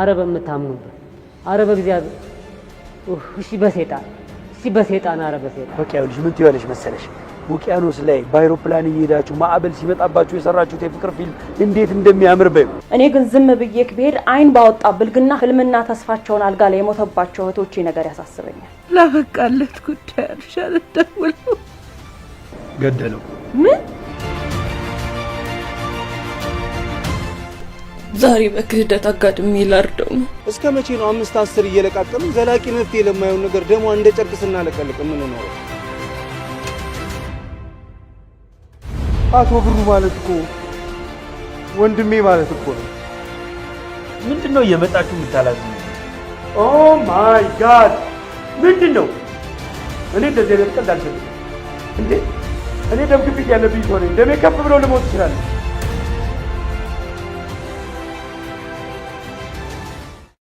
አረ በምታምኑበት አረ በእግዚአብሔር እሺ በሴጣን እሺ በሴጣን አረ በሴጣን በቃ ይኸውልሽ ምን ትሆነሽ መሰለሽ ውቅያኖስ ላይ በአይሮፕላን እየሄዳችሁ ማዕበል ሲመጣባችሁ የሰራችሁት የፍቅር ፊልም እንዴት እንደሚያምር በዩ። እኔ ግን ዝም ብዬ ብሄድ አይን ባወጣ ብልግና ህልምና ተስፋቸውን አልጋ ላይ የሞተባቸው እህቶቼ ነገር ያሳስበኛል። ላበቃለት ጉዳይ አልሻል ደውለው ገደለው ምን ዛሬ በክህደት አጋድሜ ላርደው ነው። እስከ መቼ ነው አምስት አስር እየለቃቀምን ዘላቂ መፍትሄ ለማየው ነገር ደግሞ እንደ ጨርቅ ስናለቀልቅ የምንኖረው? አቶ ብሩ ማለት እኮ ወንድሜ ማለት እኮ ነው። ምንድን ነው እየመጣችሁ የምታላት? ኦ ማይ ጋድ! ምንድን ነው? እኔ እንደዚህ አይነት ቀልድ አልፈልግም። እንዴ እኔ ደምግፊት ያለብኝ ከሆነ እንደሜ ከፍ ብለው ልሞት ይችላል።